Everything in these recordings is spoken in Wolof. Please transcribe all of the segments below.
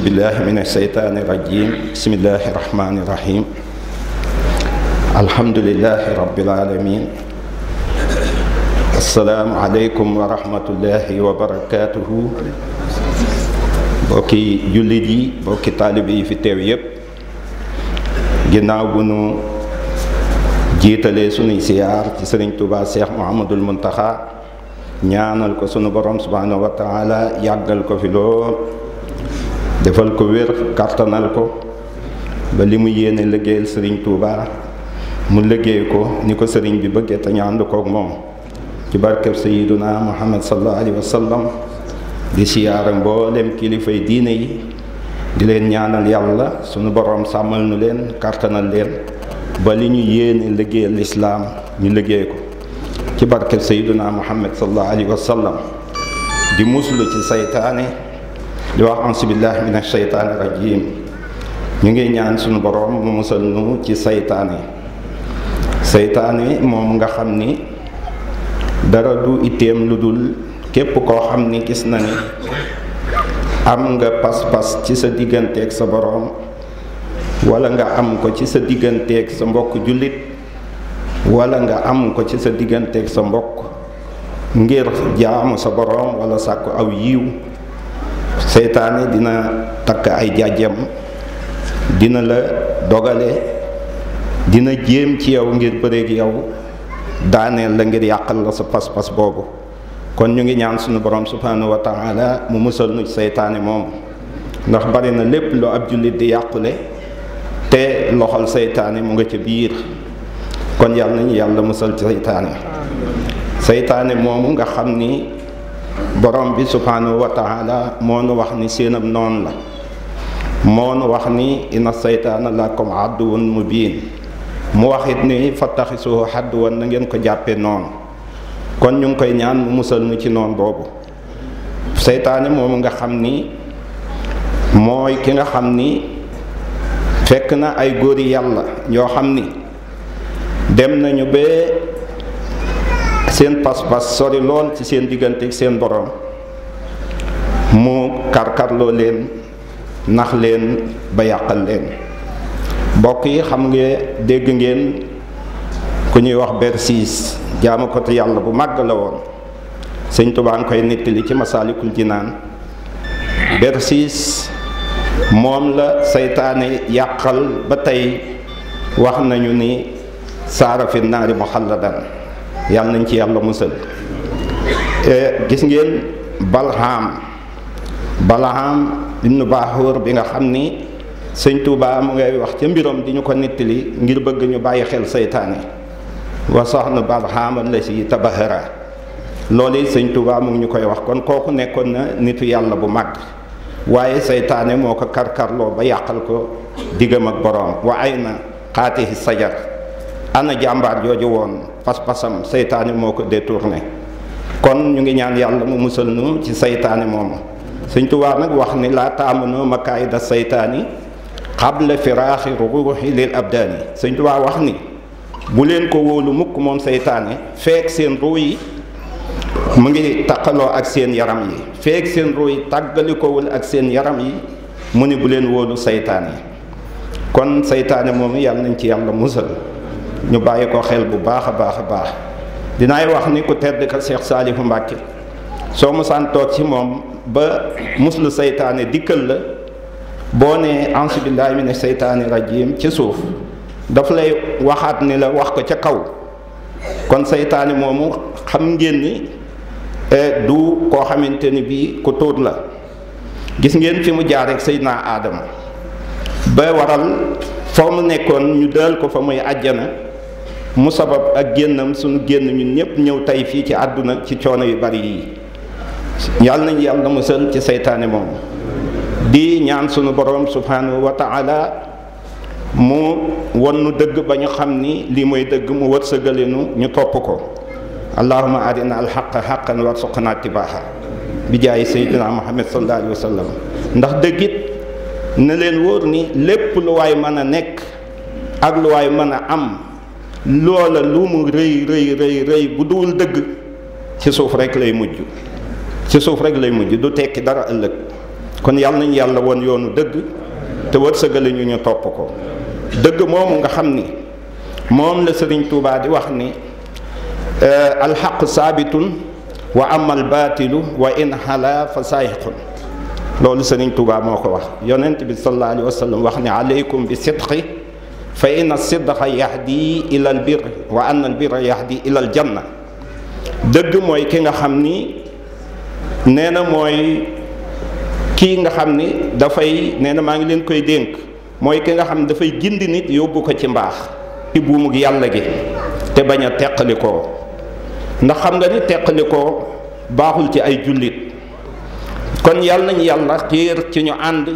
بسم الله من الشيطان الرجيم بسم الله الرحمن الرحيم الحمد لله رب العالمين السلام عليكم ورحمة الله وبركاته بوكي يوليدي بوكي طالبي في تيريب جناو بنو جيتالي سوني سيار تسرين توبا سيخ محمد المنتخى نيانا الكسون بروم سبحانه وتعالى يعقل كفلو defal ko wér kàttanal ko ba li mu yéene liggéeyal sëriñ Touba mu liggéey ko ni ko sëriñ bi bëggee te ñu ànd koog moom ci barkeb sayiduna muhammad sallallahu alayhi wa sallam di siyaara mboolem kilifay diine yi di leen ñaanal yàlla sunu borom sàmmal nu leen kàttanal leen ba li ñu yéene liggéeyal lislaam ñu liggéey ko ci barkeb sayiduna muhammad sallallahu alayhi wa sallam di muslu ci saytaane di wax ansibillah minash ashaytani rajim ñu ngi ñaan suñu borom mu musal nu ci saytaane saytaane mom nga xamni ni dara du itteem ludul képp koo gis na ni am nga pas-pas ci sa ak sa borom wala nga am ko ci sa ak sa mbokk julit wala nga am ko ci sa ak sa mbokk ngir jaamu sa borom wala sakku aw yiw seytaane dina takk ay jàjjam dina la dogale dina jéem ci yow ngir bëreeg yow daaneel la ngir yàqal la sa pas-pas boobu kon ñu ngi ñaan sunu borom subhanahu wa taala mu musal nu seytaane moom ndax bari na lépp lu ab jullit di yàqule te loxol seytaane mu nga ca biir kon yàlla nañu yàlla musal ci seytaane seytaane moomu nga xam ni borom bi subhanahu wa taala moo nu wax ni seenam noon la moo nu wax ni inna seytaana lakum àdduwun mubiin mu waxit ni fattaxisuhu àdduwan na ngeen ko jàppe noon kon ñu ngi koy ñaan mu musal nu ci noon boobu seytaane moomu nga xam ni mooy ki nga xam ni fekk na ay góor góori yàlla yoo xam ni dem nañu ba sen pas-pas sori lon ci sen digante ak sen borom mu lo len nax len ba yakal len bokk yi xam nge deg ngeen ku ñuy wax bersis jamu yalla bu mag la won seigne touba ng koy netti ci masalikul jinan bersis momla la yakal yakal ba tay wax nañu ni fi yàlla nañ ci yàlla musal e, gis ngeen balhaam balhaam ibnu baaxoor bi nga xam ni sëñ Tuubaa mu ngay wax ca mbiram di ñu ko nettali ngir bëgg ñu bàyyi xel seytaane wa soxna balhaam la si tabahara loolu sëñ Tuubaa mu ñu koy wax kon kooku nekkoon na nitu yàlla bu mag waaye seytaane moo ko karkarloo ba yàqal ko diggam ak boroom wa ay na xaatihi sajar ana jàmbaar jooju woon pas-pasam setané moko détourné kon ñu ngi ñaan yalla mu musal nu ci setané mom señ tubaa nak wax ni la taamunoo makaida setané qabla firaaxi ruuxi lil abdani señ tubaa wax ni bu len ko wolu mukk mom setané fek seen ruu yi mu ngi takalo ak seen yaram yi fek seen ruu yi ak seen yaram yi mu ni bu len wolu setané kon setané mom yalla nañ ci yalla ñu bàyyi ko xel bu baax a baax a baax dinaay wax ni ku tedd ka Cheikh Saalihu Mbàkke soo mosaan toog ci moom ba muslu seytaane dikkal la boo nee ansu billaahi mina seytaani rajiim ci suuf daf lay waxaat ni la wax ko ca kaw kon seytaane moomu xam ngeen ni e, du koo xamante ni bii ku tuut la gis ngeen fi mu jaar rek Seydina Aadama ba waral foo mu nekkoon ñu dal ko fa muy àjjana mu sabab ak génnam suñu génn ñun ñépp ñëw tey fii ci àdduna ci coono yu bari yi yàlla nañu yàlla musal ci seytaane moom di ñaan sunu borom subhanahu wa mu won dëgg ba ñu xam ni lii mooy dëgg mu wërsëgale nu ñu topp ko allahuma arina alxaqa xaqan warsuqna tibaaxa bi jaayi seydina muhammad sallallahu alayhi ndax dëggit na leen wóor ni lépp lu waay mën a nekk ak lu waay mën a am loola lu mu rëy rëy rëy rëy bu duwul dëgg ci suuf rek lay mujj ci suuf rek lay mujj du tekki dara ëllëg kon yàlla nañ yàlla woon yoonu dëgg te wërsëgale ñu ñu topp ko dëgg moomu nga xam ni moom la sëriñ Tuubaa di wax ni alxaq saabitun wa amal baatilu wa in xala fa saayiqun loolu sëriñ Tuubaa moo ko wax yonent bi sallallahu alayhi wa sallam wax ni aleykum bi sidqi fa inna sidqa yahdi ila al bir wa anna al birra yahdi ila al janna dëgg mooy ki nga xam ni nee na mooy kii nga xam ni dafay nee maa ngi leen koy dénk mooy ki nga xam dafay gindi nit yóbbu ko ci mbaax ci buumug yàlla gi te bañ a teqalikoo ndax xam nga ni teqalikoo baaxul ci ay jullit kon yàlla nañ yàlla xiir ci ñu ànd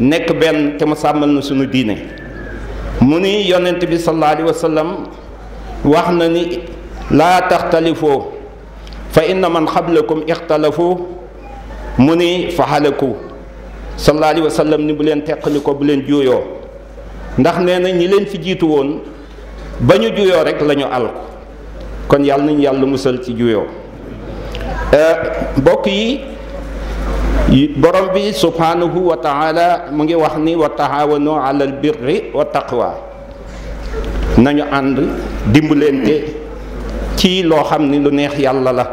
nekk benn te mu sàmmal na sunu diine muni ni yonent bi sallallahu alayhi wa sallam wax na ni laa taxtalifoo fa inna man xablakum ixtalafu mu ni fa xalaku sallallahu alayhi wa sallam ni bu leen teqali ko ndax nee ñi leen fi jiitu woon ba ñu rek la ñu kon yàlla nañu yàlla musal ci juyoo mbokk yi borom bi subhanahu wa taala mu ngi wax ni wa taawanu alal birri wa taqwa nañu ànd dimbalante ci loo xam ni lu neex yàlla la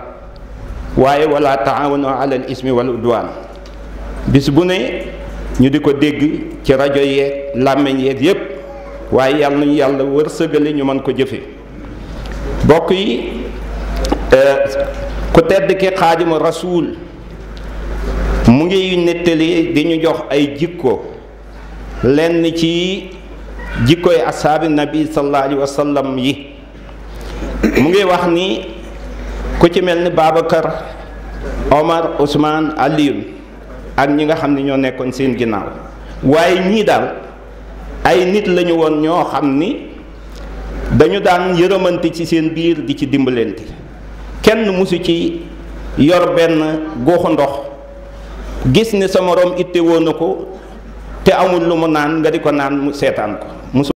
waaye wala taawanu alal ismi wal udwaan bis bu ne ñu di ko dégg ci rajo yeeg làmmiñ yeeg yépp waaye yàlla nañu yàlla wërsëgale ñu mën ko jëfe bokk yi eh, ku tedd ki xaadimu rasuul mu ngiy nettali di ñu jox ay jikko lenn ci jikkoy asaabi nabi sallallahu alayhi wa yi mu ngi wax ni ku ci mel ni Babacar Omar Ousmane Aliyun ak ñi nga xam ne ñoo nekkoon seen ginnaaw waaye ñii daal ay nit lañu woon ñoo xam ni dañu daan yërëmante ci seen biir di ci dimbalante kenn musu ci yor benn goxu ndox gis ne sa moroom itte woo na ko te amul lu mu naan nga di ko naan mu seetaan ko